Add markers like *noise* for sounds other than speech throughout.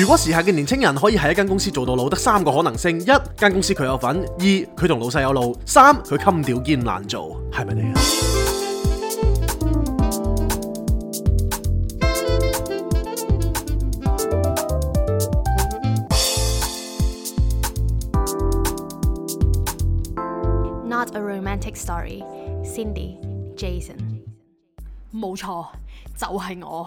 如果時下嘅年青人，可以喺一間公司做到老，得三個可能性：一、間公司佢有份；二、佢同老細有路；三、佢襟屌兼難做，係咪你啊？Not a romantic story，Cindy，Jason，冇錯， *music* 就係我。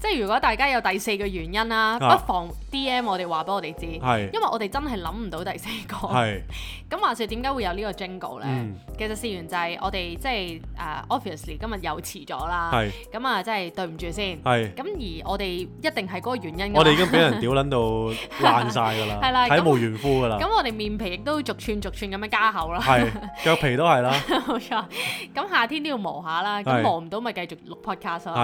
即係如果大家有第四個原因啦，不妨 DM 我哋話俾我哋知，因為我哋真係諗唔到第四個。咁話說點解會有呢個 jingle 咧？其實事源就係我哋即係誒，obviously 今日又遲咗啦，咁啊，真係對唔住先，咁而我哋一定係嗰個原因，我哋已經俾人屌撚到爛晒㗎啦，係啦，體無完膚㗎啦。咁我哋面皮亦都逐寸逐寸咁樣加厚啦，腳皮都係啦，冇錯。咁夏天都要磨下啦，咁磨唔到咪繼續錄 podcast 咯，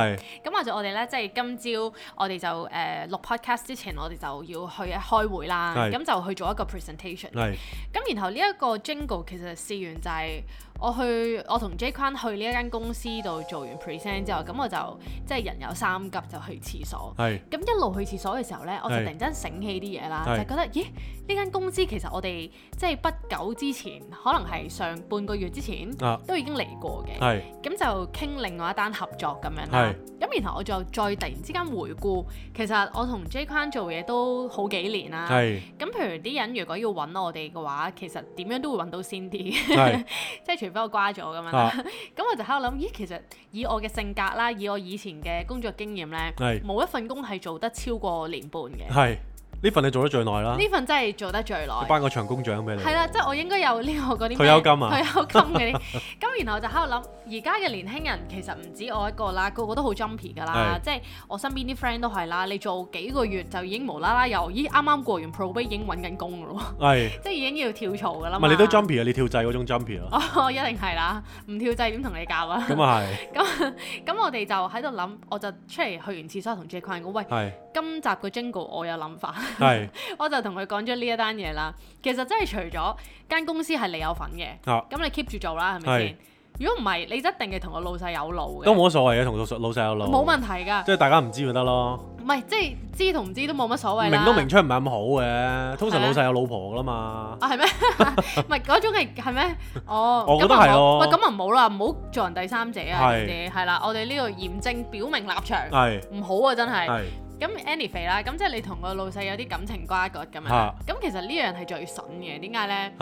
咁話說我哋。即係今朝我哋就誒錄、呃、podcast 之前，我哋就要去開會啦，咁是的 就去做一個 presentation。咁是的 然後呢一個 jingle 其實試完就係、是。我去我同 Jay 坤去呢一間公司度做完 present 之後，咁我就即係人有三急就去廁所。係咁是一路去廁所嘅時候咧，我就突然間醒起啲嘢啦，是就覺得，咦，呢間公司其實我哋即係不久之前，可能係上半個月之前、啊、都已經嚟過嘅。係咁是就傾另外一單合作咁樣啦。係咁是然後我就再突然之間回顧，其實我同 Jay 坤做嘢都好幾年啦。係咁是譬如啲人如果要揾我哋嘅話，其實點樣都會揾到先啲。係是是 *laughs* 即係。俾我瓜咗咁樣啦，咁我就喺度諗，咦，其實以我嘅性格啦，以我以前嘅工作經驗咧，冇是一份工係做得超過年半嘅。呢份你做得最耐啦，呢份真係做得最耐。頒個長工獎俾你。係啦的，即係我應該有呢、這個嗰啲退休金啊，退休金嗰啲。咁 *laughs* 然後就喺度諗，而家嘅年輕人其實唔止我一個啦，個個都好 jumpy 㗎啦。即係的我身邊啲 friend 都係啦，你做幾個月就已經無啦啦，又咦啱啱過完 pro 已經揾緊工㗎咯。即係的 *laughs* 已經要跳槽㗎啦。唔係你都 jumpy 啊？你跳掣嗰種 jumpy 啊？ *laughs* 我一定係啦，唔跳掣點同你教啊？咁啊係。咁咁 *laughs* *laughs* 我哋就喺度諗，我就出嚟去完廁所同 J.K. c a 講，喂，的今集個 Jingle 我有諗法。係，我就同佢講咗呢一單嘢啦。其實真係除咗間公司係你有份嘅，咁你 keep 住做啦，係咪先？如果唔係，你一定係同個老細有路嘅。都冇乜所謂嘅，同老老細有路。冇問題噶，即係大家唔知咪得咯。唔係，即係知同唔知都冇乜所謂。明都明，出唔係咁好嘅，通常老細有老婆噶嘛。啊，係咩？唔係嗰種係係咩？哦，咁都係。喂，咁啊唔好啦，唔好做人第三者啊，係啦，我哋呢個嚴正表明立場，係唔好啊，真係。咁 anyway 啦，咁、anyway，即係你同個老細有啲感情瓜葛咁樣，咁、啊、其實呢樣係最笋嘅，點解咧？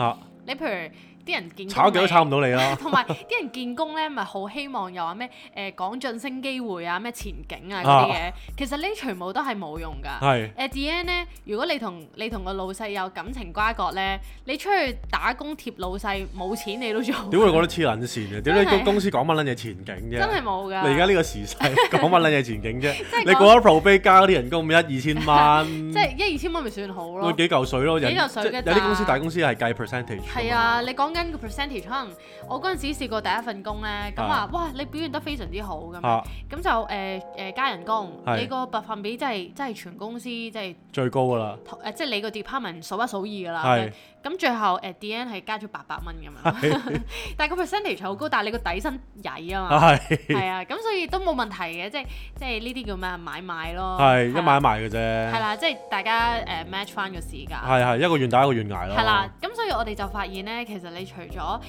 你譬如。啲人見炒幾都炒唔到你啦，同埋啲人見工咧，咪好希望又話咩誒講晉升機會啊、咩前景啊啲嘢，其實呢啲全部都係冇用噶。係誒 D N 咧，如果你同你同個老細有感情瓜葛咧，你出去打工貼老細冇錢你都做。點會覺得黐撚線嘅？點解公司講乜撚嘢前景啫？真係冇㗎。你而家呢個時勢講乜撚嘢前景啫？你過咗 pro 加嗰啲人工一二千蚊，即係一二千蚊咪算好咯？幾嚿水咯？有啲有啲公司大公司係計 percentage。係啊，你講。跟個 percentage 可能我嗰陣時試過第一份工咧，咁話哇你表現得非常之好咁，咁、啊、就誒誒、呃呃、加人工，是 你個百分比真係真係全公司即係最高噶啦，呃，誒即係你個 department 數一數二噶啦。是 咁最後誒 D.N 係加咗八百蚊咁樣，但係個 percentage 好高，但係你個底薪曳啊嘛，係啊，咁所以都冇問題嘅，即係即係呢啲叫咩買賣咯，係一買一賣嘅啫，係啦，即係大家誒 match 翻個時間，係係一個願打一個願挨咯，係啦，咁所以我哋就發現咧，其實你除咗誒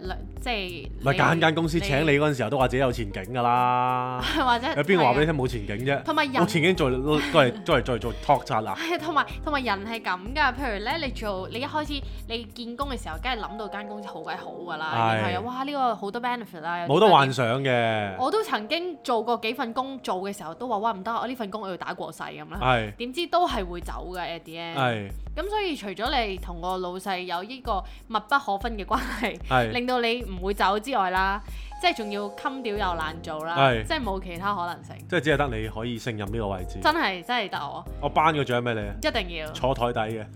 兩即係唔係揀間公司請你嗰陣時候都話自己有前景噶啦，或者有邊個話俾你聽冇前景啫？同埋人冇前景做都係都係再做 talk 策啦，係同埋同埋人係咁噶，譬如咧你做你一開你見工嘅時候，梗係諗到間公司好鬼好㗎啦，係啊，然後，哇呢個好多 benefit 啦，冇得幻想嘅。我都曾經做過幾份工，做嘅時候都話哇唔得，我呢份工我要打過世咁啦，點是的 知都係會走嘅 at the end 咁，所以除咗你同個老細有呢個密不可分嘅關係，係是的 令到你唔會走之外啦。即係仲要襟屌又難做啦，即係冇其他可能性，即係只係得你可以勝任呢個位置。真係真係得我。我頒個獎俾你啊！一定要坐台底嘅，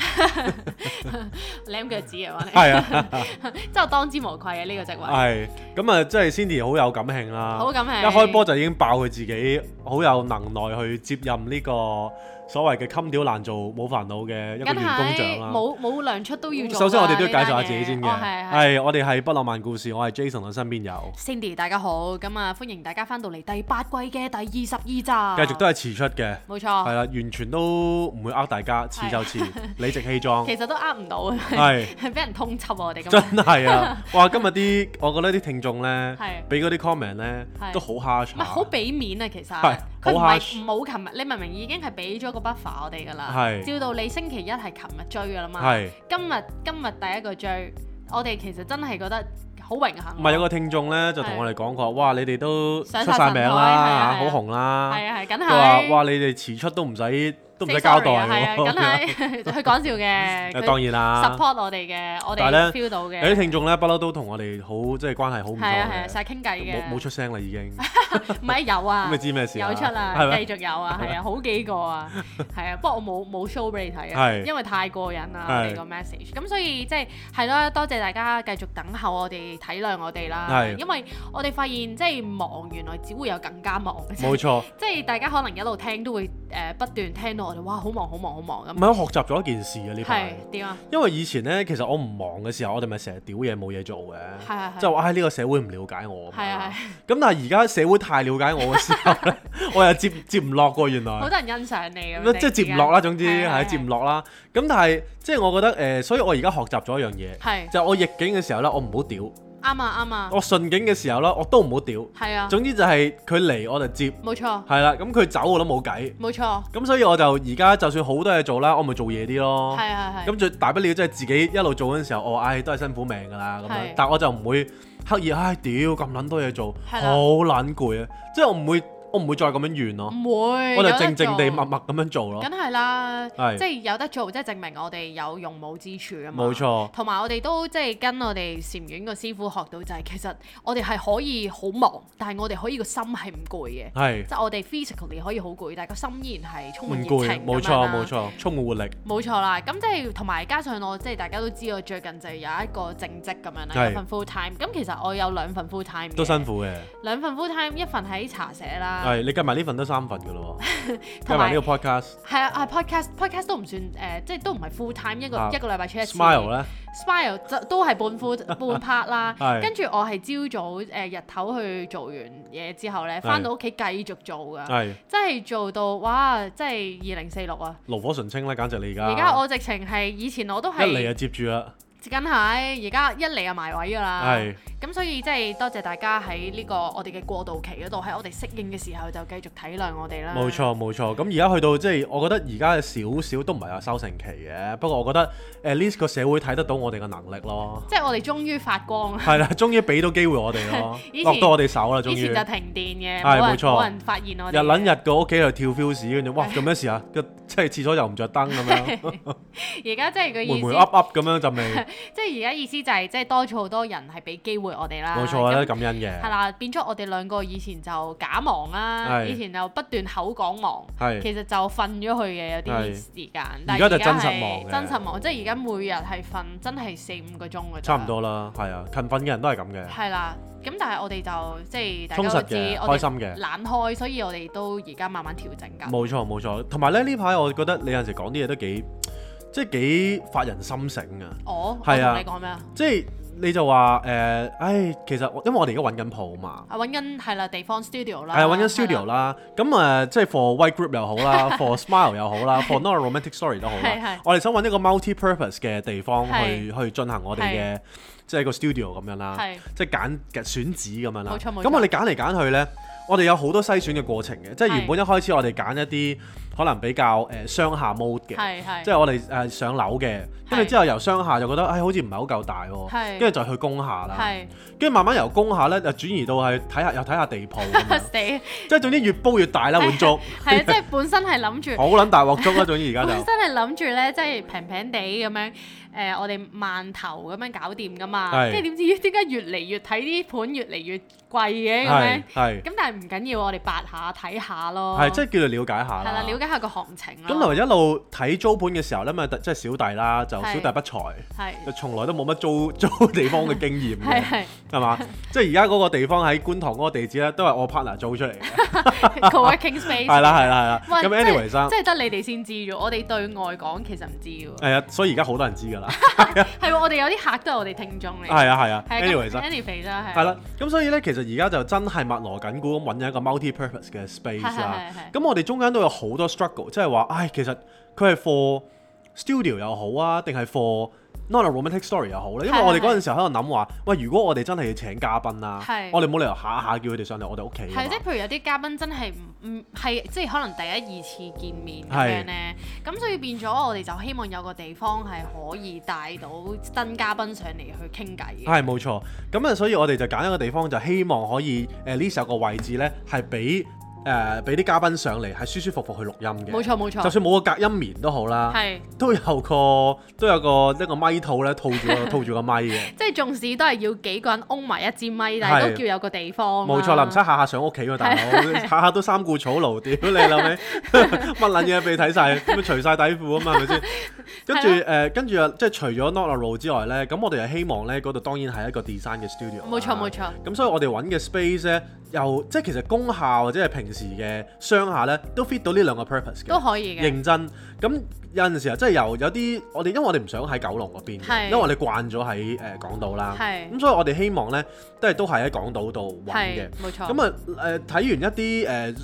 舔腳趾嘅話，係啊，真係當之無愧嘅呢個職位。係咁啊，即係 Cindy 好有感興啦，好感興，一開波就已經爆佢自己。好有能耐去接任呢個所謂嘅襟屌難做冇煩惱嘅一個員工長啦。冇冇糧出都要做。首先我哋都要介紹下自己先嘅，係我哋係不浪漫故事，我係 Jason，我身邊有 Cindy，大家好，咁啊歡迎大家翻到嚟第八季嘅第二十二集，繼續都係遲出嘅，冇錯，係啦，完全都唔會呃大家，遲就遲，理直氣壯。其實都呃唔到嘅，係係俾人通緝我哋。真係啊！哇，今日啲我覺得啲聽眾咧，俾嗰啲 comment 咧都好 harsh，唔係好俾面啊，其實。佢唔係冇琴日，你明明已經係俾咗個 buffer 我哋噶啦，是照到你星期一係琴日追噶啦嘛，是今日今日第一個追，我哋其實真係覺得好榮幸。唔係有個聽眾咧，就同我哋講過，哇！你哋都出晒名啦，好紅啦，係啊係，梗係，哇！你哋遲出都唔使。唔使交代咯。係啊，梗係佢講笑嘅。當然啦。Support 我哋嘅，我哋 feel 到嘅。有啲聽眾咧，不嬲都同我哋好，即係關係好。唔係啊係啊，成日傾偈嘅。冇出聲啦，已經。唔係有啊。咁你知咩事？有出啦，繼續有啊，係啊，好幾個啊，係啊，不過我冇冇 show 俾你睇啊，因為太過癮啦，我哋個 message。咁所以即係係啦，多謝大家繼續等候我哋，體諒我哋啦。係。因為我哋發現即係忙，原來只會有更加忙嘅。冇錯。即係大家可能一路聽都會。誒、呃、不斷聽到我哋，哇好忙好忙好忙，咁，唔係我學習咗一件事啊呢排。係點啊？因為以前咧，其實我唔忙嘅時候，我哋咪成日屌嘢冇嘢做嘅，係係係，就話唉呢個社會唔了解我嘛。係啊，咁但係而家社會太了解我嘅時候咧， *laughs* *laughs* 我又接接唔落喎。原來好 *laughs* 多人欣賞你咁，你即係接唔落啦。總之係是是是 接唔落啦。咁但係即係我覺得誒、呃，所以我而家學習咗一樣嘢，係係就我逆境嘅時候咧，我唔好屌。啱啊啱啊！我順境嘅時候咯，我都唔好屌。係啊。總之就係佢嚟，我就接。冇錯沒錯。係啦，咁佢走我都冇計。冇錯。咁所以我就而家就算好多嘢做啦，我咪做夜啲咯。係啊係。咁就大不了即係自己一路做緊時候，我唉、哎、都係辛苦命噶啦咁樣。是的 但我就唔會刻意唉屌咁捻多嘢做，好捻攰啊！即係我唔會。我唔會再咁樣完咯，唔會，我哋靜靜地默默咁樣做咯。梗係啦，即係有得做，即係證明我哋有用武之處啊嘛。冇錯，同埋我哋都即係跟我哋禪院個師傅學到就係，其實我哋係可以好忙，但係我哋可以個心係唔攰嘅。係，即係我哋 physically 可以好攰，但係個心依然係充滿熱情。唔攰，冇錯冇錯，充滿活力。冇錯啦，咁即係同埋加上我即係大家都知我最近就有一個正職咁樣啦，一份 full time。咁其實我有兩份 full time。都辛苦嘅。兩份 full time，一份喺茶社啦。係，你計埋呢份都三份噶咯，計埋呢個 podcast。係啊，係 podcast，podcast 都唔算誒，即係都唔係 full time，一個一個禮拜出一次。Smile 咧，Smile 都係半 full 半 part 啦。跟住我係朝早誒日頭去做完嘢之後咧，翻到屋企繼續做㗎。係。即係做到哇！即係二零四六啊！爐火純青啦，簡直你而家。而家我直情係以前我都係一嚟就接住啦。梗係，而家一嚟就埋位㗎啦。係。咁所以即係多謝大家喺呢個我哋嘅過渡期嗰度，喺我哋適應嘅時候就繼續體諒我哋啦。冇錯冇錯，咁而家去到即係我覺得而家少少都唔係話收成期嘅，不過我覺得誒，least 個社會睇得到我哋嘅能力咯。即係我哋終於發光。係啦，終於俾到機會我哋咯。落到我哋手啦，終於。以前就停電嘅，冇人冇人發現我哋。日撚日個屋企又跳 fuse，跟住哇做咩事啊？即係廁所又唔着燈咁樣。而家即係個意思。黴黴噏噏咁樣陣味。即係而家意思就係即係多咗好多人係俾機會。我哋啦，冇錯啦，感恩嘅係啦，變咗我哋兩個以前就假忙啦，以前就不斷口講忙，係其實就瞓咗佢嘅有啲時間。但係而家就真實忙嘅，真實忙，即係而家每日係瞓真係四五個鐘嘅啫。差唔多啦，係啊，勤奮嘅人都係咁嘅。係啦，咁但係我哋就即係大家都知道，我哋懶開，所以我哋都而家慢慢調整緊。冇錯冇錯，同埋咧呢排我覺得你有陣時講啲嘢都幾即係幾發人心醒啊！哦係啊，你講咩啊？即係。你就話誒，唉，其實因為我哋而家揾緊鋪嘛，揾緊係啦，地方 studio 啦，係啊，揾緊 studio 啦。咁誒，即係 for white group 又好啦，for smile 又好啦，for not a romantic story 都好啦。我哋想揾一個 multipurpose 嘅地方去去進行我哋嘅即係個 studio 咁樣啦，即係揀選址咁樣啦。咁我哋揀嚟揀去咧，我哋有好多篩選嘅過程嘅，即係原本一開始我哋揀一啲。可能比較誒、呃、雙下 mode 嘅，是是即係我哋誒、呃、上樓嘅，跟住是是 之後由雙下就覺得，哎，好似唔係好夠大喎、哦，跟住是是 就去公下啦，跟住是是 慢慢由公下咧就轉移到係睇下又睇下地鋪咁樣，即係總之越煲越大啦碗粥，係啊， *laughs* *laughs* 即係本身係諗住好撚大碗粥啦，總之而家就本身係諗住咧，即係平平地咁樣。誒，我哋饅頭咁樣搞掂噶嘛？即係點知點解越嚟越睇啲盤越嚟越貴嘅咁樣？係，咁但係唔緊要，我哋八下睇下咯。係，即係叫佢了解下啦。係啦，了解下個行情啦。咁嚟一路睇租盤嘅時候咧，咪即係小弟啦，就小弟不才，係，從來都冇乜租租地方嘅經驗，係係，嘛？即係而家嗰個地方喺觀塘嗰個地址咧，都係我 partner 租出嚟嘅，佢係啦係啦係啦。咁 anyway 即係得你哋先知咗，我哋對外講其實唔知喎。係啊，所以而家好多人知㗎。係喎、 *laughs* 啊，我哋有啲客都係我哋聽眾嚟。係 *laughs* 啊係啊，anyway anyway 啦，係。係啦，咁所以咧，其實而家就真係密鑼緊鼓咁揾咗一個 multi-purpose 嘅 space *laughs* 啊。咁、啊啊啊嗯、我哋中間都有好多 struggle，即係話，唉，其實佢係 for studio 又好啊，定係 for。Not a romantic story 又好啦，因為我哋嗰陣時候喺度諗，話，喂，如果我哋真係要請嘉賓啦、啊，的我哋冇理由下下叫佢哋上嚟我哋屋企啊嘛，係，即係譬如有啲嘉賓真係唔唔係即係可能第一二次見面咁樣咧，咁的所以變咗我哋就希望有個地方係可以帶到新嘉賓上嚟去傾偈嘅。係冇錯，咁啊，所以我哋就揀一個地方，就希望可以誒呢首個位置咧係俾。誒俾啲嘉賓上嚟係舒舒服服去錄音嘅，冇錯冇錯，就算冇個隔音棉都好啦，係都有個都有個一個咪套咧套住套住個咪嘅，即係縱使都係要幾個人擁埋一支咪，但係都叫有個地方。冇錯啦，唔使下下上屋企喎，大佬下下都三顧草廬屌，你諗起，乜撚嘢俾你睇晒，咁樣除晒底褲啊嘛，係咪先？跟住誒，跟住又即係除咗 Not a Room 之外咧，咁我哋又希望咧，嗰度當然係一個 design 嘅 studio。冇錯冇錯。咁所以我哋揾嘅 space 咧。由即係其實工廈或者係平時嘅商廈咧，都 fit 到呢兩個 purpose 嘅。都可以嘅。認真咁、嗯、有陣時啊，即係由有啲我哋，因為我哋唔想喺九龍嗰邊，是的 因為我哋慣咗喺誒港島啦。咁是的、嗯、所以我哋希望咧，都係都係喺港島度揾嘅。冇錯、嗯。咁啊誒睇完一啲誒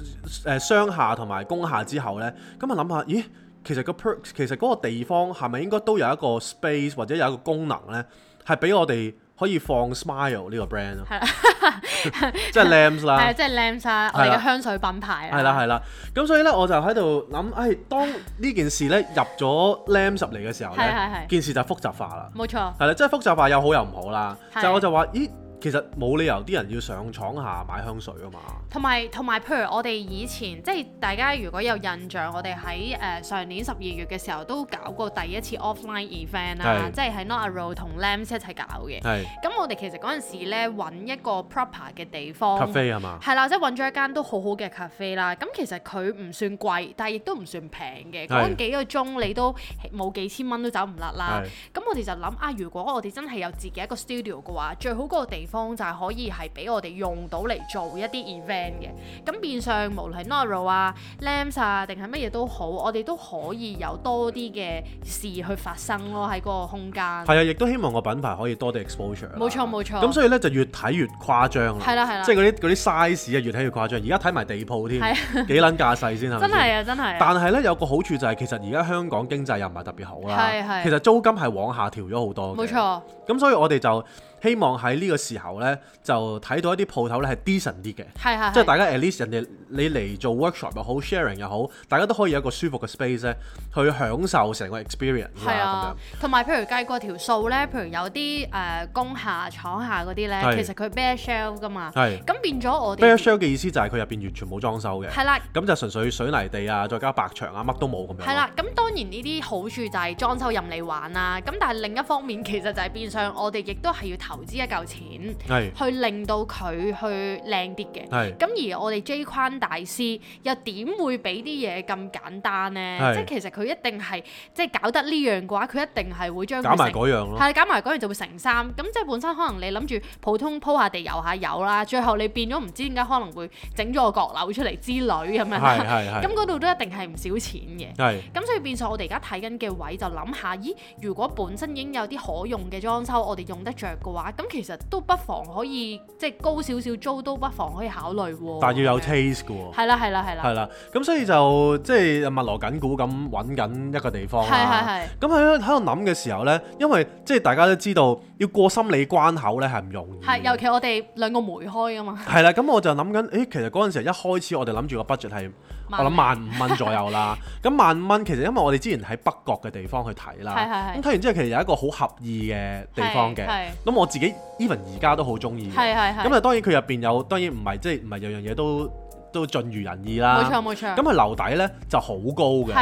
誒商廈同埋工廈之後咧，咁啊諗下，咦其實個 purpose 其實嗰個地方係咪應該都有一個 space 或者有一個功能咧，係俾我哋？可以放 Smile 呢個 brand 咯， *laughs* *laughs* *laughs* 係、就、即、是、係 Lambs 啦，係啊了，即係 Lambs 啦，我哋嘅香水品牌啦，係啦係啦，咁所以咧我就喺度諗，誒、哎、當呢件事咧入咗 Lambs 入嚟嘅時候咧， *laughs* 件事就複雜化啦，冇錯，係啦，即、就、係、是、複雜化有好有唔好啦， *laughs* 就我就話，咦。其實冇理由啲人要上廠下買香水啊嘛。同埋同埋，譬如我哋以前即係大家如果有印象，我哋喺誒上年十二月嘅時候都搞過第一次 offline event 啦，是即係喺 Notaro 同 Lamps 一齊搞嘅。咁是我哋其實嗰陣時咧揾一個 proper 嘅地方。咖啡係嘛？係啦，即係揾咗一間都好好嘅咖啡啦。咁其實佢唔算貴，但係亦都唔算平嘅。嗰是幾個鐘你都冇幾千蚊都走唔甩啦。咁是我哋就諗啊，如果我哋真係有自己一個 studio 嘅話，最好嗰個地方就係可以係俾我哋用到嚟做一啲 event 嘅，咁變相無論係 normal 啊、lamps 啊，定係乜嘢都好，我哋都可以有多啲嘅事去發生咯喺嗰個空間。係啊，亦都希望個品牌可以多啲 exposure。冇錯冇錯。咁所以咧就越睇越誇張啦。係啦係啦，即係嗰啲啲 size 啊，越睇越誇張。而家睇埋地鋪添，幾捻架勢先係咪？真係啊真係。但係咧有個好處就係，其實而家香港經濟又唔係特別好啦。係係。其實租金係往下調咗好多。冇錯。咁所以我哋就。希望喺呢個時候呢，就睇到一啲鋪頭呢係 decent 啲嘅，即係大家 at least 人哋你嚟做 workshop 又好 sharing 又好，大家都可以有一個舒服嘅 space 咧，去享受成個 experience。係啊，同埋譬如計過條數呢，譬如有啲誒工廈廠廈嗰啲呢，其實佢 bare shell 噶嘛，咁變咗我哋。bare shell 嘅意思就係佢入邊完全冇裝修嘅。係啦。咁就純粹水泥地啊，再加白牆啊，乜都冇咁樣。係啦，咁當然呢啲好處就係裝修任你玩啦。咁但係另一方面，其實就係變相我哋亦都係要。投資一嚿錢，是去令到佢去靚啲嘅，咁是而我哋 J 框大師又點會俾啲嘢咁簡單呢？是即係其實佢一定係即係搞得呢樣嘅話，佢一定係會將搞埋嗰樣咯，係搞埋嗰樣就會成衫。咁。即係本身可能你諗住普通鋪下地、油下油啦，最後你變咗唔知點解可能會整咗個閣樓出嚟之類咁樣，咁嗰度都一定係唔少錢嘅。係咁，是所以變咗我哋而家睇緊嘅位就諗下，咦？如果本身已經有啲可用嘅裝修，我哋用得着嘅話。咁其實都不妨可以即係高少少租都不妨可以考慮喎，但係要有 taste 噶喎。係啦係啦係啦，係啦。咁所以就即係密鑼緊鼓咁揾緊一個地方啦。係係係，咁喺喺度諗嘅時候咧，因為即係大家都知道要過心理關口咧係唔容易。係，尤其我哋兩個妹開嘅嘛。係啦，咁我就諗緊，誒、欸，其實嗰陣時候一開始我哋諗住個 budget 係。我諗萬五蚊左右啦，咁萬五蚊其實因為我哋之前喺北角嘅地方去睇啦，咁睇是完之後其實有一個好合意嘅地方嘅，咁是是 我自己 even 而家都好中意。咁啊，是當然佢入邊有，當然唔係即係唔係樣樣嘢都。都盡如人意啦，冇錯冇錯。咁係樓底咧就好高嘅，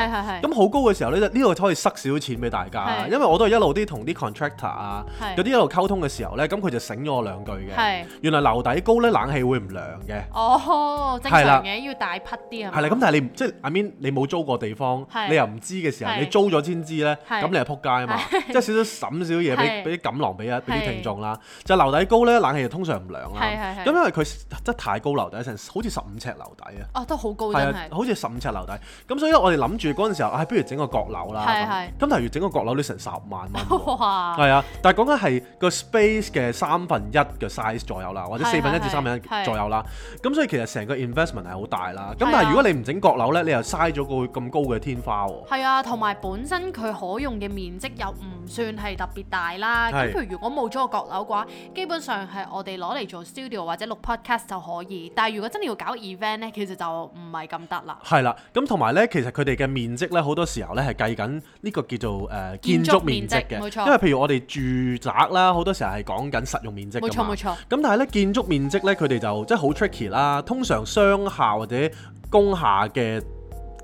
咁好高嘅時候咧，呢度可以塞少少錢俾大家，因為我都係一路啲同啲 contractor 啊，有啲一路溝通嘅時候咧，咁佢就醒咗我兩句嘅，原來樓底高咧，冷氣會唔涼嘅。哦，正常嘅，要大匹啲係嘛？係啦，咁但係你即係阿 Min，你冇租過地方，你又唔知嘅時候，你租咗先知咧，咁你係撲街啊嘛，即係少少省少少嘢俾俾啲錦囊俾啊，俾啲聽眾啦。就樓底高咧，冷氣就通常唔涼啦，咁因為佢真係太高樓底，成好似十五尺。樓底啊！啊，都好高，真係好似十五尺樓底。咁所以咧，我哋諗住嗰陣時候，唉、啊，不如整個閣樓啦。咁例如整個閣樓都成十萬蚊。哇啊，但係講緊係個 space 嘅三分一嘅 size 左右啦，或者四分一至三分一是左右啦。咁所以其實成個 investment 係好大啦。咁但係如果你唔整閣樓咧，你又嘥咗個咁高嘅天花喎。係啊，同埋、啊、本身佢可用嘅面積又唔算係特別大啦。咁是譬如，如果冇咗個閣樓嘅話，基本上係我哋攞嚟做 studio 或者錄 podcast 就可以。但係如果真係要搞 event，其實就唔係咁得啦，係啦，咁同埋咧，其實佢哋嘅面積咧，好多時候咧係計緊呢個叫做誒、呃、建築面積嘅，冇錯，因為譬如我哋住宅啦，好多時候係講緊實用面積㗎嘛，冇錯冇錯。咁但係咧，建築面積咧，佢哋就即係好 tricky 啦，通常商廈或者工廈嘅。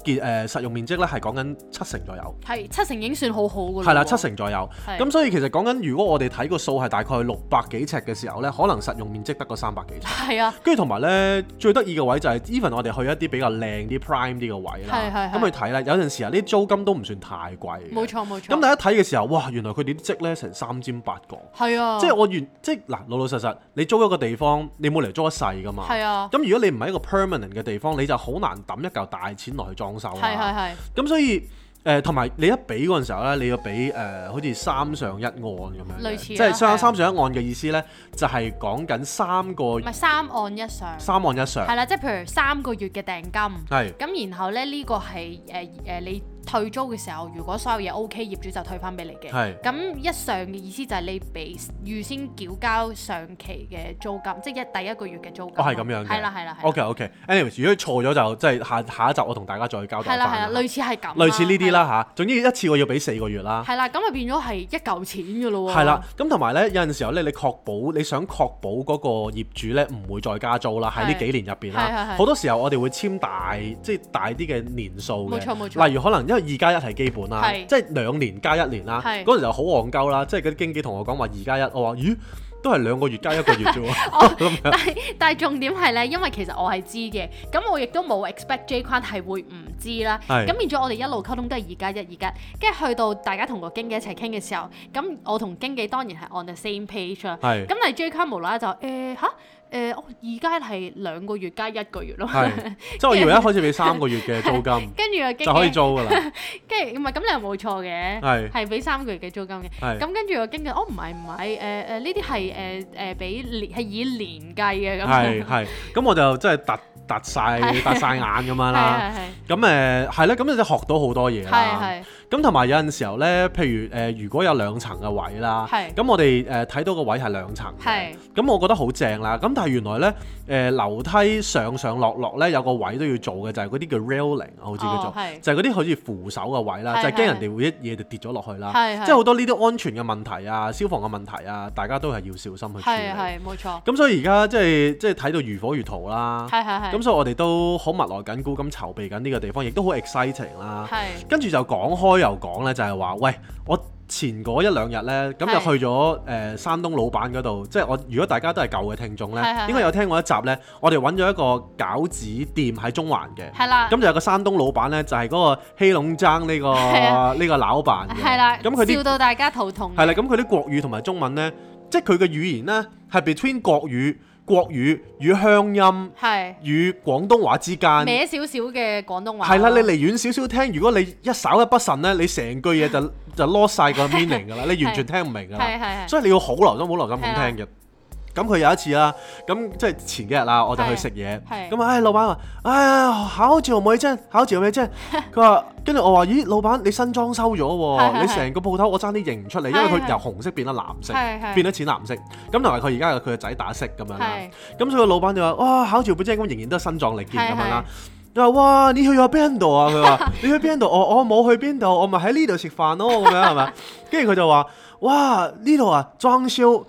結誒、呃、實用面積咧係講緊七成左右，係七成已經算好好嘅，係啦七成左右。咁所以其實講緊，如果我哋睇個數係大概六百幾尺嘅時候咧，可能實用面積得個三百幾尺。係啊，跟住同埋咧，最得意嘅位就係、是、even 我哋去一啲比較靚啲 prime 啲個位啦。咁去睇咧，有陣時呢啲租金都唔算太貴。冇錯冇錯。咁大家睇嘅時候，哇！原來佢哋啲積咧成三尖八角。係啊，即係我原即嗱老老實實，你租一個地方，你冇嚟租一世㗎嘛。係啊。咁如果你唔係一個 permanent 嘅地方，你就好難揼一嚿大錢落去裝。手啦，係係係。咁所以誒，同、呃、埋你一畀嗰陣時候咧，你要畀誒、呃，好似三上一按咁樣，類似即係三三上一按嘅意思咧，就係、是、講緊三個月，唔係三按一上，三按一上，係啦，即係譬如三個月嘅訂金，係是，咁然後咧呢、這個係誒誒你。退租嘅時候，如果所有嘢 O K，業主就退翻俾你嘅。係。咁一上嘅意思就係你俾預先繳交上期嘅租金，即係一第一個月嘅租金。哦，係咁樣嘅。係啦，係啦。OK，OK。Anyways，如果錯咗就即係下下一集我同大家再交代翻。係啦，係啦，類似係咁。類似呢啲啦嚇，總之一次我要俾四個月啦。係啦，咁咪變咗係一嚿錢㗎咯喎。係啦，咁同埋咧有陣時候咧，你確保你想確保嗰個業主咧唔會再加租啦，喺呢幾年入邊啦。係係係。好多時候我哋會簽大，即係大啲嘅年數嘅。冇錯冇錯。例如可能因為二加一係基本啦，是即係兩年加一年啦。嗰時是就好戇鳩啦，即係啲經紀同我講話二加一，1, 我話咦，都係兩個月加一個月啫喎。但係但係重點係咧，因為其實我係知嘅，咁我亦都冇 expect J 坤係會唔知啦。咁變咗我哋一路溝通都係二加一，二加，跟住去到大家同個經紀一齊傾嘅時候，咁我同經紀當然係 on the same page 啦。咁但係是 J 坤無啦啦就誒嚇。欸誒，而家係兩個月加一個月咯。係，即我以為一開始俾三個月嘅租金。跟住就可以租噶啦 *laughs* 跟住唔係咁，你又冇錯嘅。係是，係俾三個月嘅租金嘅。係是。咁、嗯、跟住我經歷，哦唔係唔係，誒誒，呢啲係誒誒，俾年係以年計嘅咁。係係。咁我就真係突突，突突晒突曬眼咁樣啦。係係。 *laughs* 咁誒，係啦，咁你真學到好多嘢啦。係咁同埋有陣時候咧，譬如誒如果有兩層嘅位啦，咁我哋誒睇到個位係兩層，咁我覺得好正啦。咁但係原來咧，誒樓梯上上落落咧，有個位都要做嘅，就係啲叫 railing 好似叫做就係啲好似扶手嘅位啦，就係驚人哋會一嘢就跌咗落去啦。即係好多呢啲安全嘅問題啊、消防嘅問題啊，大家都係要小心去處理。係，冇錯，咁所以而家即係即係睇到如火如荼啦。係係係。咁所以我哋都好密鑼緊鼓咁籌備緊呢個地方，亦都好 exciting 啦。係。跟住就講開。都有講咧，就係話，喂，我前嗰一兩日咧，咁就去咗誒、呃、山東老闆嗰度，即係我如果大家都係舊嘅聽眾咧，是的是應該有聽過一集咧，我哋揾咗一個餃子店喺中環嘅，係啦，咁就有個山東老闆咧，就係、是、嗰個希隆爭呢個呢的個老闆，係啦的，咁佢笑到大家肚痛，係啦，咁佢啲國語同埋中文咧，即係佢嘅語言咧，係 between 國語。國語與鄉音，係與廣東話之間，歪少少嘅廣東話。係啦，你離遠少少聽，如果你一稍一不慎咧，你成句嘢就就 lost 晒個 meaning 㗎啦，你完全聽唔明㗎。係係係。所以你要好留心，好留心咁聽嘅。咁佢有一次啦、啊，咁即係前幾日啦，我就去食嘢。咁啊，唉、嗯，老闆話：唉，考潮唔好精，考潮唔好精。佢話， *laughs* 跟住我話：咦，老闆，你新裝修咗喎， *laughs* 你成個鋪頭我差啲認唔出嚟， *laughs* 因為佢由紅色變咗藍色， *laughs* *laughs* 變咗淺藍色。咁同埋佢而家佢個仔打色咁樣啦。咁、 *laughs* 嗯、所以個老闆就話：哇，考潮不精，咁仍然都係身壯力健咁 *laughs* 樣啦。就話：哇，你去咗邊度啊？佢話：你去邊度？ *laughs* 我我冇去邊度，我咪喺呢度食飯咯。咁 *laughs* 樣係咪？跟住佢就話：哇，呢度啊，裝修，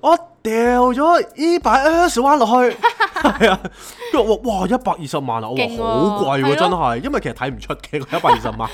我。掉咗依排 S 彎落去，係 *laughs* 啊！佢話：哇，一百二十萬啊！啊我話好貴喎、啊，的真係，因為其實睇唔出嘅一百二十萬，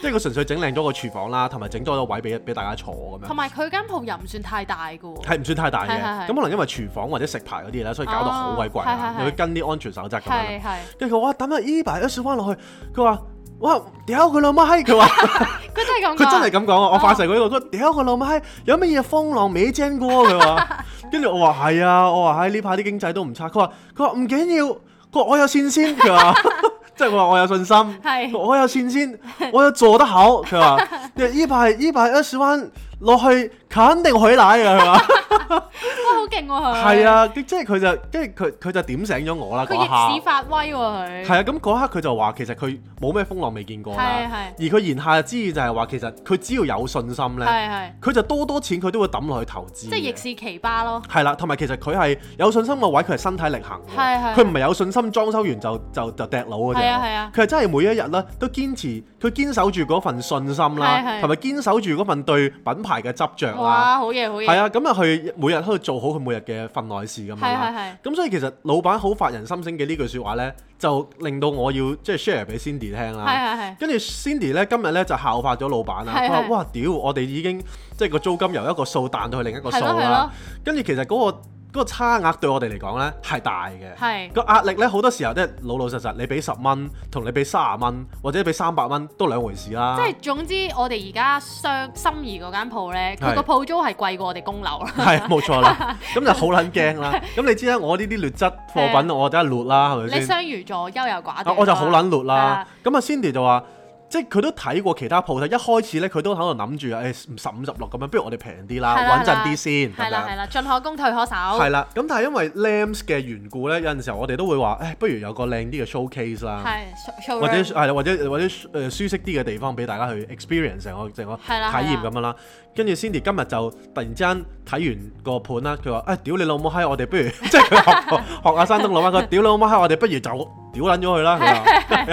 即係佢純粹整靚咗個廚房啦，同埋整多咗位俾俾大家坐咁樣。同埋佢間鋪又唔算太大嘅喎。係唔算太大嘅，咁可能因為廚房或者食牌嗰啲啦，所以搞到好鬼貴，又要、哦、跟啲安全守則咁樣。跟住佢話：等的的下依排 S 彎落去，佢話。我屌佢老母閪！佢話佢真係咁講，佢真係咁講啊！我發誓嗰個，佢屌佢老母閪，有乜嘢風浪未蒸過佢話？跟住 *laughs* 我話係啊！我話喺呢排啲經濟都唔差。佢話佢話唔緊要，佢話我有信心。佢話即係佢話我有信心，我有信心， *laughs* 我又做得好。佢話一百一百二十萬。落去肯定海奶㗎，係嘛？哇，好勁喎！係啊，即係佢就即係佢佢就點醒咗我啦。佢逆市發威喎！係啊，咁嗰刻佢就話其實佢冇咩風浪未見過啦。係係。而佢言下之意就係話其實佢只要有信心咧，係係。佢就多多錢佢都會抌落去投資。即係逆市奇葩咯。係啦，同埋其實佢係有信心嘅位，佢係身體力行嘅。佢唔係有信心裝修完就就就掉腦㗎啫。係啊係啊。佢係真係每一日咧都堅持，佢堅守住嗰份信心啦，同埋堅守住嗰份對品牌。排嘅執著啦，係啊，咁啊，去每日都度做好佢每日嘅份內事咁樣，咁所以其實老闆好發人深省嘅呢句説話咧，就令到我要即係 share 俾 Cindy 聽啦。係係，跟住 Cindy 咧今日咧就效法咗老闆啦。佢話是：哇屌！我哋已經即係個租金由一個數彈到去另一個數啦。跟住其實嗰、嗰個。嗰個差額對我哋嚟講咧係大嘅，個是的 壓力咧，好多時候咧、就是、老老實實你俾十蚊同你俾卅蚊或者俾三百蚊都兩回事啦、啊。即係總之我哋而家雙心怡嗰間鋪佢個鋪租係貴過我哋供樓啦，係冇錯啦。咁 *laughs* 就好撚驚啦。咁 *laughs* 你知啦，我呢啲劣質貨品我覺得係劣啦，係咪先？吧你雙魚座優柔寡斷，我就好撚劣啦。咁阿 Cindy 就話。即係佢都睇過其他鋪頭，一開始咧佢都喺度諗住啊，誒十五十六咁樣，不如我哋平啲啦，穩陣啲先。係啦係啦，進可攻退可守。係啦，咁但係因為 Lam's 嘅緣故咧，有陣時候我哋都會話，誒不如有個靚啲嘅 showcase 啦，或者係啦，或者或者誒舒適啲嘅地方俾大家去 experience 成個成個體驗咁樣啦。跟住 Cindy 今日就突然之間睇完個盤啦，佢話啊，屌你老母嗨！我哋不如即係學學下山東老闆，佢屌你老母嗨！我哋不如就屌撚咗佢啦。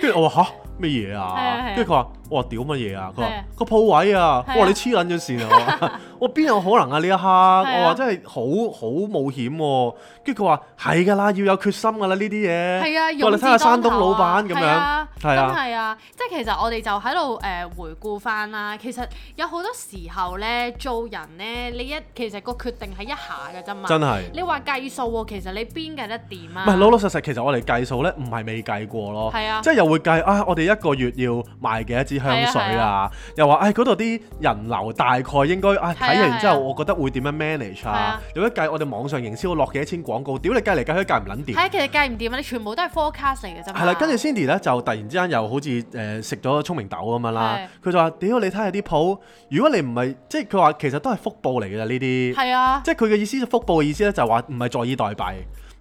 跟住我話嚇。乜嘢啊？即係佢話。我屌乜嘢啊！佢話個鋪位啊！我話你黐撚咗線啊！我邊有可能啊？呢一刻，我話真係好好冒險喎！跟住佢話係㗎啦，要有決心㗎啦呢啲嘢。係啊，勇字當頭啊！我哋睇下山東老闆咁樣。係啊，真係啊！即係其實我哋就喺度誒回顧翻啦。其實有好多時候咧，做人咧，你一其實個決定係一下㗎啫嘛。真係。你話計數喎，其實你邊計得掂啊？唔係老老實實，其實我哋計數咧，唔係未計過咯。係啊。即係又會計啊！我哋一個月要賣幾多支？香水啊，又話誒嗰度啲人流大概應該啊睇、哎、完之後，我覺得會點樣 manage 啊？有得、啊啊、計我哋網上營銷落幾多千廣告？屌你計嚟計去計唔撚掂？係啊，其實計唔掂啊，你全部都係 forecast 嚟嘅啫、啊啊。係啦，跟住 Cindy 咧就突然之間又好似誒食咗聰明豆咁樣啦。佢、啊、就話：屌、啊、你睇下啲鋪，如果你唔係即係佢話，其實都係福報嚟嘅呢啲，係啊。即係佢嘅意思就福報嘅意思咧，就話唔係坐以待斃。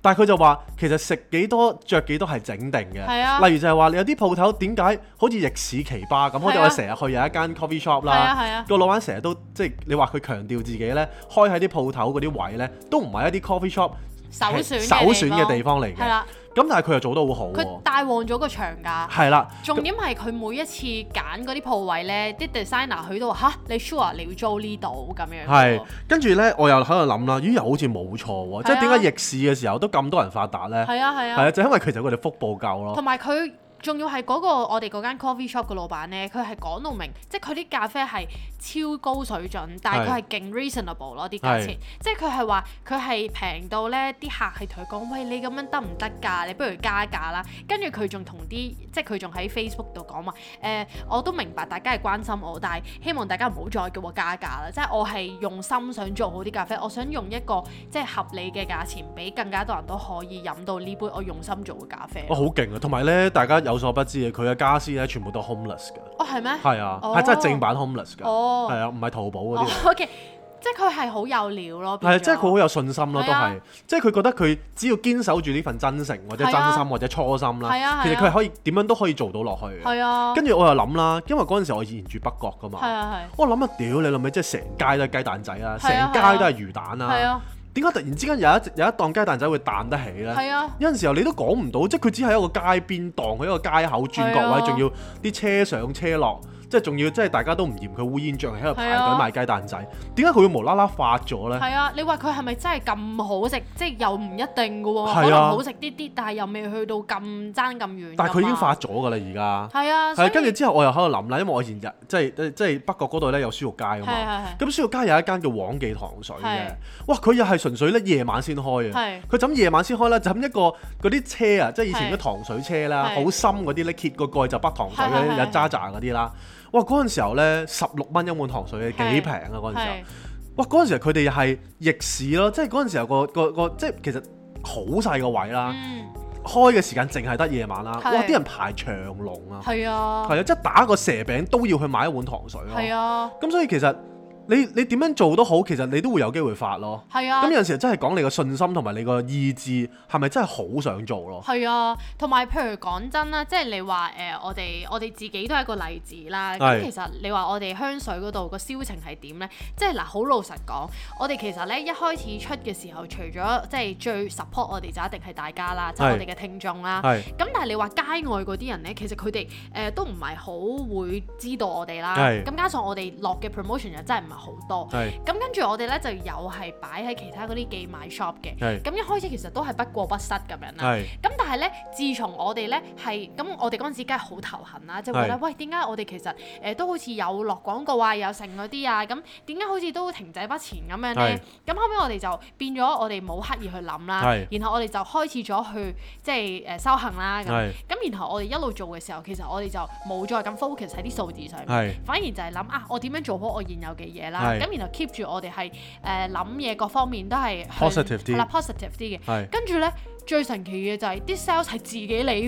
但係佢就話，其實食幾多、着幾多係整定嘅。係啊，例如就係話，你有啲鋪頭點解好似逆市奇葩咁？啊、我哋我成日去有一間 coffee shop 啦，啊啊、個老闆成日都即係、就是、你話佢強調自己咧，開喺啲鋪頭嗰啲位咧，都唔係一啲 coffee shop 首選首選嘅地方嚟嘅。咁但係佢又做得好好，佢帶旺咗個場㗎，係啦，重點係佢每一次揀嗰啲鋪位咧，啲 designer 佢都話吓，你 sure 你要租呢度咁樣。係，跟住咧，我又喺度諗啦，咦？又好似冇錯喎，即係點解逆市嘅時候都咁多人發達咧？係啊係啊，係啊，就因為其實佢哋福報夠咯。同埋佢。仲要係嗰個我哋嗰間 coffee shop 嘅老闆咧，佢係講到明，即係佢啲咖啡係超高水準，但係佢係勁 reasonable 咯啲、啊、價錢，是即係佢係話佢係平到咧啲客係同佢講，喂，你咁樣得唔得㗎？你不如加價啦。跟住佢仲同啲即係佢仲喺 Facebook 度講話，誒、呃、我都明白大家係關心我，但係希望大家唔好再叫我加價啦。即係我係用心想做好啲咖啡，我想用一個即係合理嘅價錢，俾更加多人都可以飲到呢杯我用心做嘅咖啡。哇、哦，好勁啊！同埋咧，大家有。有所不知嘅，佢嘅家私咧，全部都 homeless 嘅。哦，係咩？係啊，係真係正版 homeless 嘅。哦，係啊，唔係淘寶嗰啲。OK，即係佢係好有料咯。係啊，即係佢好有信心咯，都係。即係佢覺得佢只要堅守住呢份真誠或者真心或者初心啦。係啊，其實佢係可以點樣都可以做到落去。係啊。跟住我又諗啦，因為嗰陣時我以前住北角噶嘛。係啊，係。我諗啊，屌你諗下，即係成街都係雞蛋仔啊，成街都係魚蛋啊。點解突然之間有一有一檔雞蛋仔會彈得起呢？係啊！有陣時候你都講唔到，即係佢只係一個街邊檔，佢一個街口轉角位，仲要啲車上車落。即係仲要，即係大家都唔嫌佢烏煙瘴氣喺度排隊買雞蛋仔，點解佢會無啦啦發咗呢？係啊！你話佢係咪真係咁好食？即係又唔一定嘅喎，可能好食啲啲，但係又未去到咁爭咁遠。但係佢已經發咗㗎啦，而家係啊，所以跟住之後我又喺度諗啦，因為我前日即係即係北角嗰度咧有舒肉街啊嘛，咁舒肉街有一間叫黃記糖水嘅，哇！佢又係純粹咧夜晚先開嘅，佢噉夜晚先開啦，就咁一個嗰啲車啊，即係以前啲糖水車啦，好深嗰啲咧揭個蓋就北糖水嘅，有渣渣嗰啲啦。哇！嗰陣時候咧，十六蚊一碗糖水嘅幾平啊！嗰陣係時候，係哇！嗰陣時候佢哋係逆市咯，即係嗰陣時候個個個即係其實好細個位啦，嗯，開嘅時間淨係得夜晚啦。係哇！啲人排長龍啊，係啊，係啊，即係打個蛇餅都要去買一碗糖水咯，係啊。咁所以其實。你你點樣做都好，其實你都會有機會發咯。係啊。咁有陣時真係講你個信心同埋你個意志，係咪真係好想做咯？係啊，同埋譬如講真啦，即係你話誒、呃、我哋我哋自己都係一個例子啦。咁是其實你話我哋香水嗰度個銷情係點咧？即係嗱，好老實講，我哋其實咧一開始出嘅時候，除咗即係最 support 我哋就一定係大家啦，即係是我哋嘅聽眾啦。係是。咁但係你話街外嗰啲人咧，其實佢哋誒都唔係好會知道我哋啦。係是。咁加上我哋落嘅 promotion 又真係唔～好多，咁跟住我哋咧就有係擺喺其他嗰啲寄賣 shop 嘅，咁一開始其實都係不過不失咁樣啦。咁但係咧，自從我哋咧係咁，我哋嗰陣時梗係好頭痕啦，就覺得喂，點解我哋其實誒都好似有落廣告啊，有剩嗰啲啊，咁點解好似都停滯不前咁樣咧？咁後尾我哋就變咗，我哋冇刻意去諗啦，然後我哋就開始咗去即係誒修行啦。咁咁然後我哋一路做嘅時候，其實我哋就冇再咁 focus 喺啲數字上，反而就係諗啊，我點樣做好我現有嘅嘢。啦，咁是然後 keep 住我哋係誒諗嘢各方面都係 positive 啲，positive 啲嘅。係是，跟住咧最神奇嘅就係啲 sales 係自己嚟嘅喎。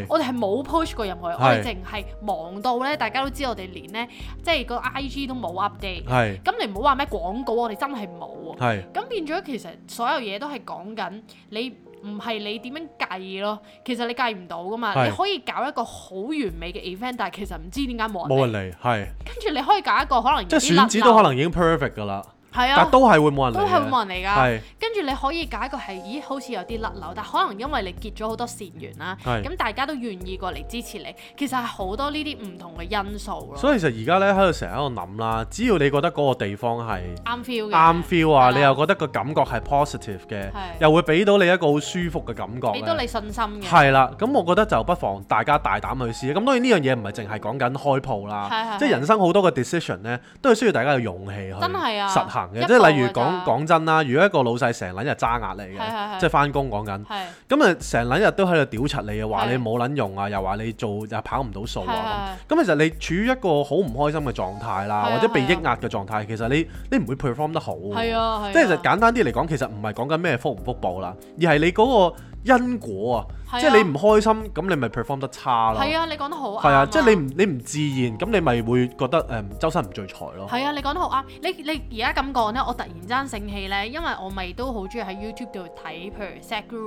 是我哋係冇 push 過任何，是我哋淨係忙到咧。大家都知我哋連咧即係個 IG 都冇 update 是。係，咁你唔好話咩廣告，我哋真係冇喎。咁是變咗其實所有嘢都係講緊你。唔係你點樣計咯，其實你計唔到㗎嘛。是你可以搞一個好完美嘅 event，但係其實唔知點解冇人冇人嚟，係。跟住你可以搞一個可能即選址都可能已經 perfect 㗎啦。係啊，但都係會冇人嚟，都係冇人嚟㗎。是跟住你可以解一個係，咦，好似有啲甩漏，但可能因為你結咗好多善緣啦、啊。咁是、嗯、大家都願意過嚟支持你，其實係好多呢啲唔同嘅因素咯。所以其實而家咧喺度成日喺度諗啦，只要你覺得嗰個地方係啱 feel 嘅，啱 feel 啊，的你又覺得個感覺係 positive 嘅，的又會俾到你一個好舒服嘅感覺，俾到你信心嘅。係啦，咁我覺得就不妨大家大膽去試。咁當然呢樣嘢唔係淨係講緊開鋪啦，即係的人生好多個 decision 咧，都係需要大家有勇氣去實行。真係啊！即係例如講講是真啦，如果一個老細成撚日揸壓你嘅，是是是即係翻工講緊，咁啊成撚日都喺度屌柒你啊，話你冇撚用啊是，又話你做又跑唔到數啊，咁其實你處於一個好唔開心嘅狀態啦，是是是或者被抑壓嘅狀態，是是是其實你你唔會 perform 得好的，即係就其實簡單啲嚟講，其實唔係講緊咩福唔福報啦，而係你嗰個。因果啊，係啊，即係你唔開心，咁你咪 perform 得差啦。係啊，你講得好啱！係啊，即係你唔你唔自然，咁你咪會覺得誒周、嗯、身唔聚財咯。係啊，你講得好啱。你你而家咁講咧，我突然之間醒起咧，因為我咪都好中意喺 YouTube 度睇，譬如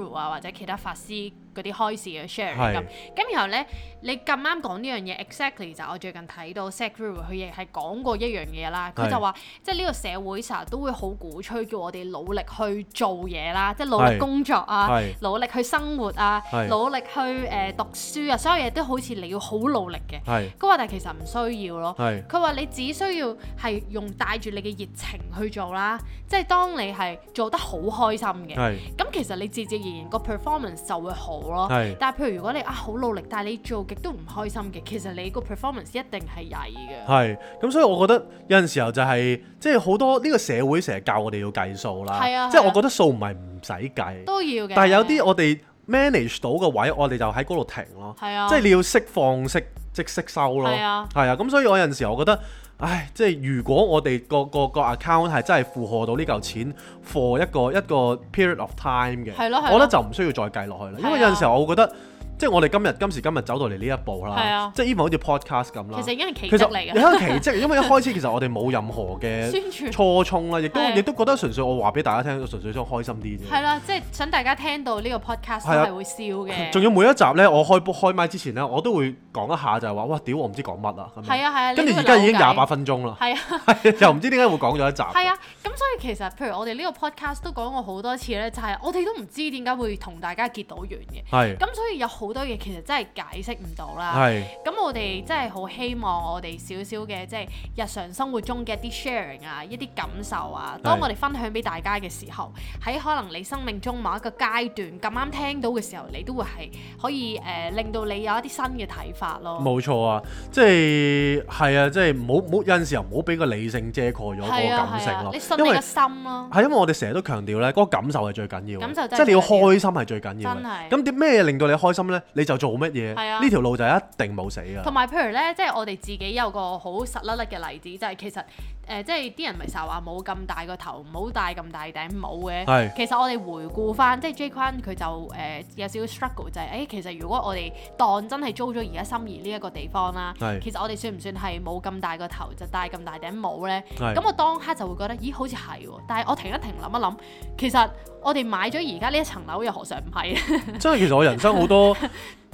Sadhguru 啊或者其他法師。嗰啲開始嘅 share 咁，咁是然後咧，你咁啱講呢樣嘢，exactly 就我最近睇到 sec rule 佢亦係講過一樣嘢啦。佢是就話，即係呢個社會成日都會好鼓吹叫我哋努力去做嘢啦，即、就、係、是、努力工作啊，是努力去生活啊，是努力去誒、呃、讀書啊，所有嘢都好似你要好努力嘅。佢咁話但係其實唔需要咯。佢話是你只需要係用帶住你嘅熱情去做啦，即、就、係、是、當你係做得好開心嘅，咁是其實你自自然然、那個 performance 就會好。係，是但係譬如如果你啊好努力，但係你做極都唔開心嘅，其實你個 performance 一定係曳嘅。係，咁所以我覺得有陣時候就係、是，即係好多呢、這個社會成日教我哋要計數啦。係啊，即係、啊、我覺得數唔係唔使計，都要嘅。但係有啲我哋 manage 到嘅位，我哋就喺嗰度停咯。係啊，即係你要識放、識、識收咯。係啊，咁、啊啊、所以我有陣時候我覺得。唉，即係如果我哋個個個 account 係真係負荷到呢嚿錢 for 一個一個 period of time 嘅，我覺得就唔需要再計落去啦。是的 因為有陣時候我會覺得。即係我哋今日今時今日走到嚟呢一步啦，即係 even 好似 podcast 咁啦，其實已經係奇蹟嚟嘅。幾奇蹟？因為一開始其實我哋冇任何嘅宣傳初衷啦，亦都亦都覺得純粹我話俾大家聽，純粹想開心啲啫。係啦，即係想大家聽到呢個 podcast 係會笑嘅。仲要每一集咧，我開開麥之前咧，我都會講一下，就係話哇屌我唔知講乜啊，咁啊，係啊，跟住而家已經廿八分鐘啦。係啊，又唔知點解會講咗一集。係啊，咁所以其實譬如我哋呢個 podcast 都講過好多次咧，就係我哋都唔知點解會同大家結到緣嘅。係，咁所以有好。好多嘢其實真係解釋唔到啦。係。咁我哋真係好希望我哋少少嘅即係日常生活中嘅一啲 sharing 啊，一啲感受啊，當我哋分享俾大家嘅時候，喺可能你生命中某一個階段咁啱聽到嘅時候，你都會係可以誒令到你有一啲新嘅睇法咯。冇錯啊，即係係啊，即係唔好唔好有陣時唔好俾個理性遮蓋咗個感性咯。你信你嘅心咯。係因為我哋成日都強調咧，嗰個感受係最緊要，感受即係你要開心係最緊要嘅。咁啲咩令到你開心咧？你就做乜嘢？係啊？呢條路就一定冇死嘅。同埋譬如咧，即係我哋自己有個好實粒粒嘅例子，就係其實。誒、呃，即係啲人咪成日話冇咁大個頭，冇戴咁大頂帽嘅。是的 其實我哋回顧翻，即係 JAY KUN 佢就誒、呃、有少少 struggle，就係、是、誒、欸、其實如果我哋當真係租咗而家心儀呢一個地方啦，是的 其實我哋算唔算係冇咁大個頭就戴咁大頂帽呢？咁是的 我當刻就會覺得，咦，好似係喎。但係我停一停諗一諗，其實我哋買咗而家呢一層樓又何嘗唔係？真 *laughs* 係其實我人生好多，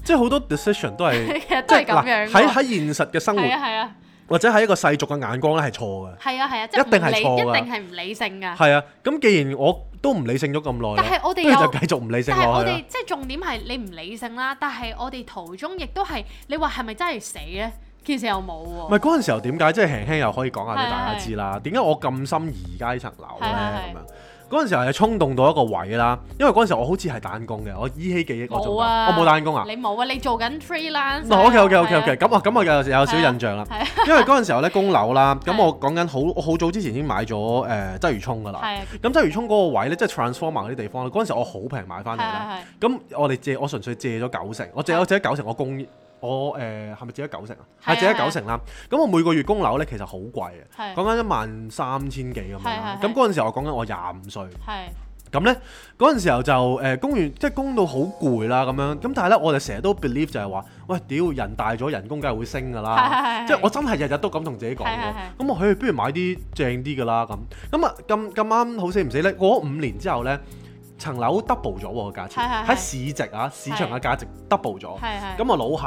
即係好多 decision 都係 *laughs* 都係嗱喺喺現實嘅生活。的或者喺一個世俗嘅眼光咧，係錯嘅。係啊係啊，啊即一定係錯，一定係唔理性㗎。係啊，咁既然我都唔理性咗咁耐，但係我哋又繼續唔理性。但我哋即係重點係你唔理性啦，但係我哋途中亦都係你話係咪真係死咧？其實又冇喎、啊。唔係嗰陣時候點解即係輕輕又可以講下俾大家知啦？點解我咁深而家呢層樓咧咁樣？嗰陣時候係衝動到一個位啦，因為嗰陣時候我好似係彈弓嘅，我依稀記憶我冇啊，我冇彈弓啊，你冇啊，你做緊 freelance。嗱、 *laughs* 啊，OK OK OK OK，咁、okay，啊，咁我有有少少印象啦，啊、因為嗰陣時候咧供樓啦，咁我講緊好好早之前已經買咗誒鰂魚涌噶啦，咁鰂、啊、魚涌嗰個位咧即係、就是、transform 嗰、er、啲地方，嗰陣時我好平買翻嚟啦，咁、啊、我哋借我純粹借咗九成，我借我借咗九成我供。我誒係咪借咗九成啊？係係借咗九成啦。咁係我每個月供樓咧，其實好貴嘅，講緊係一萬三千幾咁樣啦。咁嗰陣時候我講緊我廿五歲。係係。咁咧嗰陣時候就誒供、呃、完，即係供到好攰啦咁樣。咁但係咧，我哋成日都 believe 就係話：喂，屌人大咗，人工梗係會升㗎啦。即係我真係日日都咁同自己講喎。係咁我嘿、欸，不如買啲正啲㗎啦咁。咁啊咁咁啱好死唔死咧？過咗五年之後咧。層樓 double 咗個價錢，喺市值啊市場嘅價值 double 咗，咁啊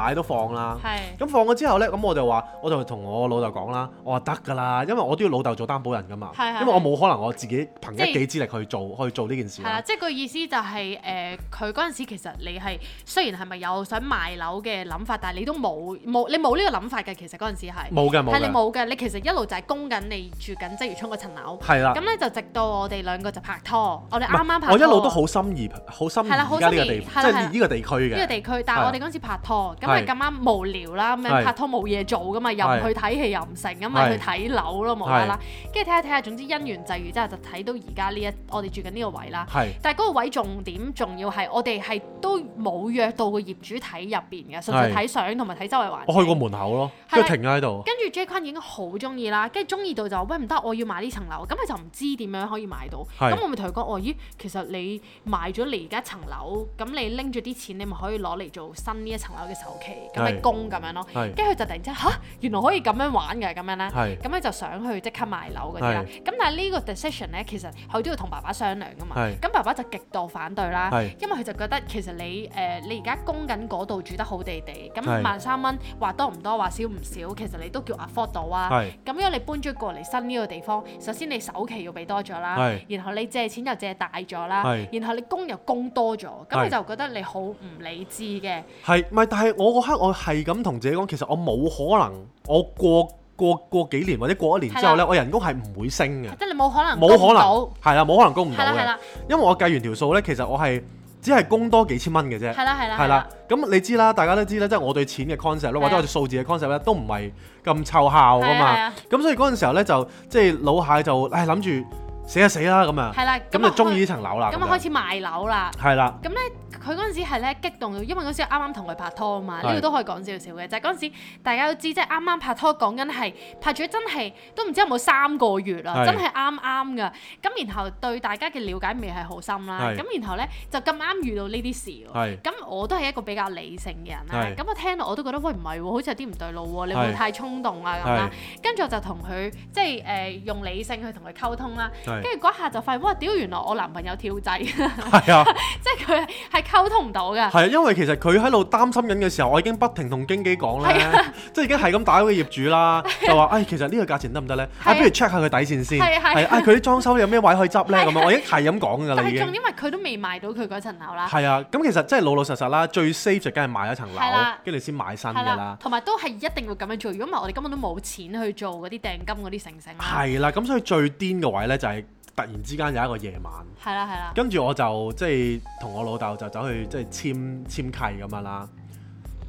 老蟹都放啦，咁是放咗之後呢，咁我就話，我就同我老豆講啦，我話得㗎啦，因為我都要老豆做擔保人㗎嘛，是是是因為我冇可能我自己憑一己之力去做是是去做呢件事、啊、即係佢意思就係、是、誒，佢嗰陣時其實你係雖然係咪有想賣樓嘅諗法，但係你都冇冇你冇呢個諗法嘅，其實嗰陣時係冇嘅冇，係你冇嘅，你其實一路就係供緊你住緊積餘倉嗰層樓，咁呢、啊、就直到我哋兩個就拍拖，我哋啱啱拍拖。都好心意，好心意。啦，好心嘅地，即係呢個地區嘅。呢個地區，但係我哋嗰次拍拖，咁咪咁啱無聊啦，咁樣拍拖冇嘢做噶嘛，又唔去睇戲，又唔成，咁咪去睇樓咯，冇啦啦。跟住睇下睇下，總之因緣際遇，之下就睇到而家呢一，我哋住緊呢個位啦。但係嗰個位重點仲要係，我哋係都冇約到個業主睇入邊嘅，純粹睇相同埋睇周圍環境。我去過門口咯，跟住停喺度。跟住 J 君已經好中意啦，跟住中意到就喂唔得，我要買呢層樓，咁佢就唔知點樣可以買到。係。咁我咪同佢講，咦，其實你。你賣咗你而家層樓，咁你拎住啲錢，你咪可以攞嚟做新呢一層樓嘅首期，咁咪是供咁樣咯。跟住佢就突然之間吓，原來可以咁樣玩㗎，咁樣咧，咁咧是就想去即刻賣樓嗰啲啦。咁是但係呢個 decision 咧，其實佢都要同爸爸商量㗎嘛。咁是爸爸就極度反對啦，是因為佢就覺得其實你誒、呃、你而家供緊嗰度住得好地地，咁萬三蚊話多唔多，話少唔少，其實你都叫 afford 到啊。咁樣是你搬咗過嚟新呢個地方，首先你首期要俾多咗啦，是然後你借錢又借大咗啦。然後你供又供多咗，咁你就覺得你好唔理智嘅。係，唔係？但係我嗰刻我係咁同自己講，其實我冇可能，我過過過幾年或者過一年之後咧，我人工係唔會升嘅。即係你冇可能。冇可能。係啦，冇可能供唔到嘅。係啦，因為我計完條數咧，其實我係只係供多幾千蚊嘅啫。係啦，係啦。係啦。咁你知啦，大家都知啦，即係我對錢嘅 concept 咧，或者我對數字嘅 concept 咧，都唔係咁湊效噶嘛。係啊。咁所以嗰陣時候咧，就即係老蟹就唉諗住。死啊死啦咁啊！係啦，咁的就中意呢層樓啦，咁就開始賣樓啦。係啦的，咁咧。佢嗰陣時係咧激動，因為嗰陣時啱啱同佢拍拖啊嘛，呢個都可以講少少嘅。就係嗰陣時大家都知，即係啱啱拍拖講緊係拍咗真係都唔知有冇三個月啦，真係啱啱嘅。咁然後對大家嘅了解未係好深啦，咁然後咧就咁啱遇到呢啲事喎。咁我都係一個比較理性嘅人啦，咁我聽落我都覺得，喂唔係，好似有啲唔對路喎，你冇太衝動啊咁啦。跟住我就同佢即係誒用理性去同佢溝通啦。跟住嗰下就發現，哇！屌原來我男朋友跳仔，即係佢係。溝通唔到嘅，係啊，因為其實佢喺度擔心緊嘅時候，我已經不停同經紀講啦。 *laughs* 即係已經係咁打俾個業主啦， *laughs* 就話誒、哎，其實呢個價錢得唔得咧？啊、 *laughs* 哎，不如 check 下佢底線先，係啊、 *laughs* *laughs* 哎，佢啲裝修有咩位可以執咧咁啊，我已經係咁講㗎啦已經。仲因為佢都未賣到佢嗰層樓啦。係啊，咁其實真係老老實實啦，最 safe 就梗係賣咗層樓，跟住先買新㗎啦。同埋都係一定要咁樣做，如果唔係我哋根本都冇錢去做嗰啲訂金嗰啲成成啦。係啦，咁所以最癲嘅位咧就係、是。突然之間有一個夜晚，係啦係啦，跟住我就即係同我老豆就走去即係簽簽契咁樣啦。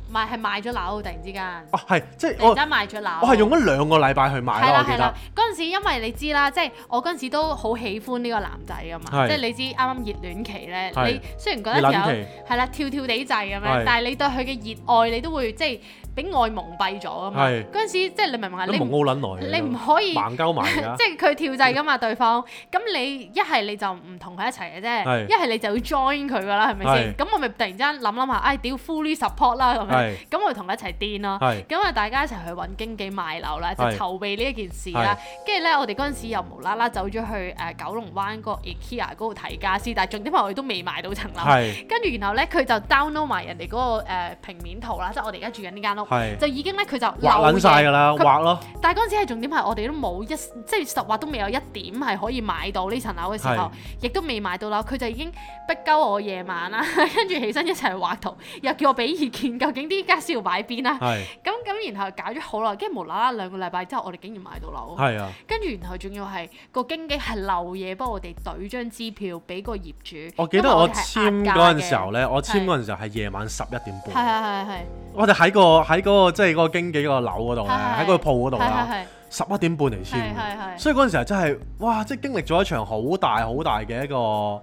賣係賣咗樓，突然之間哦係即係，突然間賣咗樓，我係用咗兩個禮拜去買啦。係啦係啦，嗰陣時因為你知啦，即係我嗰陣時都好喜歡呢個男仔㗎嘛，即係你知啱啱熱戀期咧，你雖然覺得有係啦跳跳地滯咁樣，但係你對佢嘅熱愛你都會即係。俾愛蒙蔽咗啊嘛！嗰陣時即係你明唔明啊？你蒙好撚耐啊！盲鳩埋㗎！即係佢跳掣㗎嘛，對方。咁你一係你就唔同佢一齊嘅啫，一係你就要 join 佢㗎啦，係咪先？咁我咪突然之間諗諗下，哎，屌 full support 啦咁樣。咁我同佢一齊癲咯。咁啊，大家一齊去揾經紀賣樓啦，即係籌備呢一件事啦。跟住咧，我哋嗰陣時又無啦啦走咗去誒九龍灣個 IKEA 嗰度睇傢俬，但係重點係我哋都未買到層樓。跟住然後咧，佢就 download 埋人哋嗰個誒平面圖啦，即係我哋而家住緊呢間屋。是就已經咧，佢就畫晒㗎啦畫咯。它但係嗰陣時係重點係，我哋都冇一即係實畫都未有一點係可以買到呢層樓嘅時候，亦是都未買到樓，佢就已經逼鳩我夜晚啦， *laughs* 跟住起身一齊畫圖，又叫我俾意見，究竟啲傢俬要擺邊啦？咁咁是，然後搞咗好耐，跟住無啦啦兩個禮拜之後，我哋竟然買到樓。啊，跟住然後仲要係個經紀係漏夜幫我哋懟張支票俾個業主。我記得我哋我哋我簽嗰陣時候咧，我簽嗰陣時候係夜晚十一點半。係我哋喺個喺嗰個即係嗰個經紀個樓嗰度咧，喺個鋪嗰度啦，十一點半嚟先。所以嗰陣時候真係，哇！即係經歷咗一場好大好大嘅一個。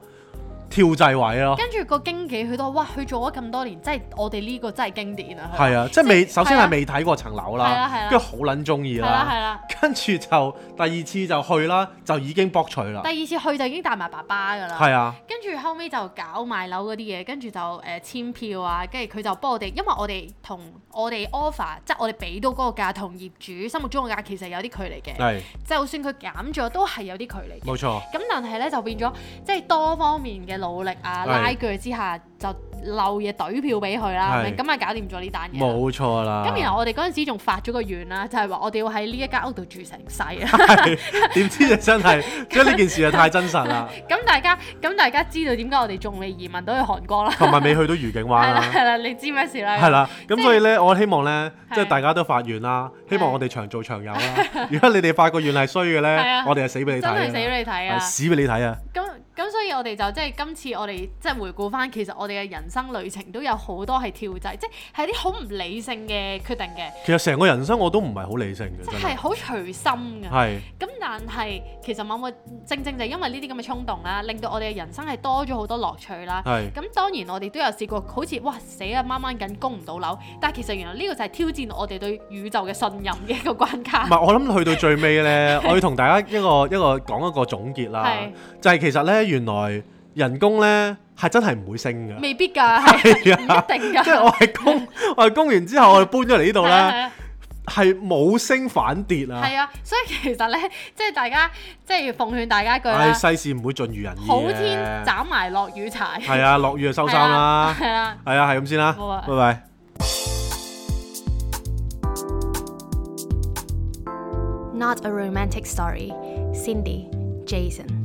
跳掣位咯，跟住個經紀佢都話：哇，佢做咗咁多年，真係我哋呢個真係經典啊！係啊，即係未首先係未睇過層樓啦，跟住好撚中意啦，跟住就第二次就去啦，就已經博取啦。第二次去就已經帶埋爸爸㗎啦，係啊，跟住後尾就搞賣樓嗰啲嘢，跟住就誒簽、呃、票啊，跟住佢就幫我哋，因為我哋同我哋 offer 即係我哋俾到嗰個價同業主心目中個價其實有啲距離嘅，係，就算佢減咗都係有啲距離，冇錯。咁但係咧就變咗即係多方面嘅。努力啊！拉鋸之下就漏嘢，懟票俾佢啦，咁咪搞掂咗呢單嘢。冇錯啦。咁然後我哋嗰陣時仲發咗個願啦，就係話我哋要喺呢一間屋度住成世啊。點知就真係，因為呢件事就太真實啦。咁大家，咁大家知道點解我哋眾裏移民都去韓國仲未移民到去韓國啦，同埋未去到愉景灣啦。係啦，你知咩事啦？係啦，咁所以咧，我希望咧，即係大家都發願啦，希望我哋長做長有啦。如果你哋發個願係衰嘅咧，我哋係死俾你睇，真係死俾你睇啊！死俾你睇啊！所以我哋就即係今次我哋即係回顧翻，其實我哋嘅人生旅程都有好多係跳掣，即係啲好唔理性嘅決定嘅。其實成個人生我都唔係好理性嘅，即係好隨心嘅，係是。咁但係其實冇冇正正就係因為呢啲咁嘅衝動啦，令到我哋嘅人生係多咗好多樂趣啦。咁是當然我哋都有試過好似哇，死啊，掹掹緊供唔到樓，但係其實原來呢個就係挑戰我哋對宇宙嘅信任嘅一個關卡。唔係，我諗去到最尾咧， *laughs* 我要同大家一個一個講一,一,一,一個總結啦，是就係其實咧原。原來人工咧係真係唔會升噶，未必噶，唔 *laughs* 一定噶。即係我係供，我係供完之後我，我哋搬咗嚟呢度咧，係冇升反跌啊。係啊，所以其實咧，即係大家，即係奉勸大家一句啦，哎，世事唔會盡如人意，好天斬埋落雨柴。係啊，落雨就收衫啦。係啊，係啊，係咁先啦。拜拜的。Bye bye. Not a romantic story. Cindy, Jason.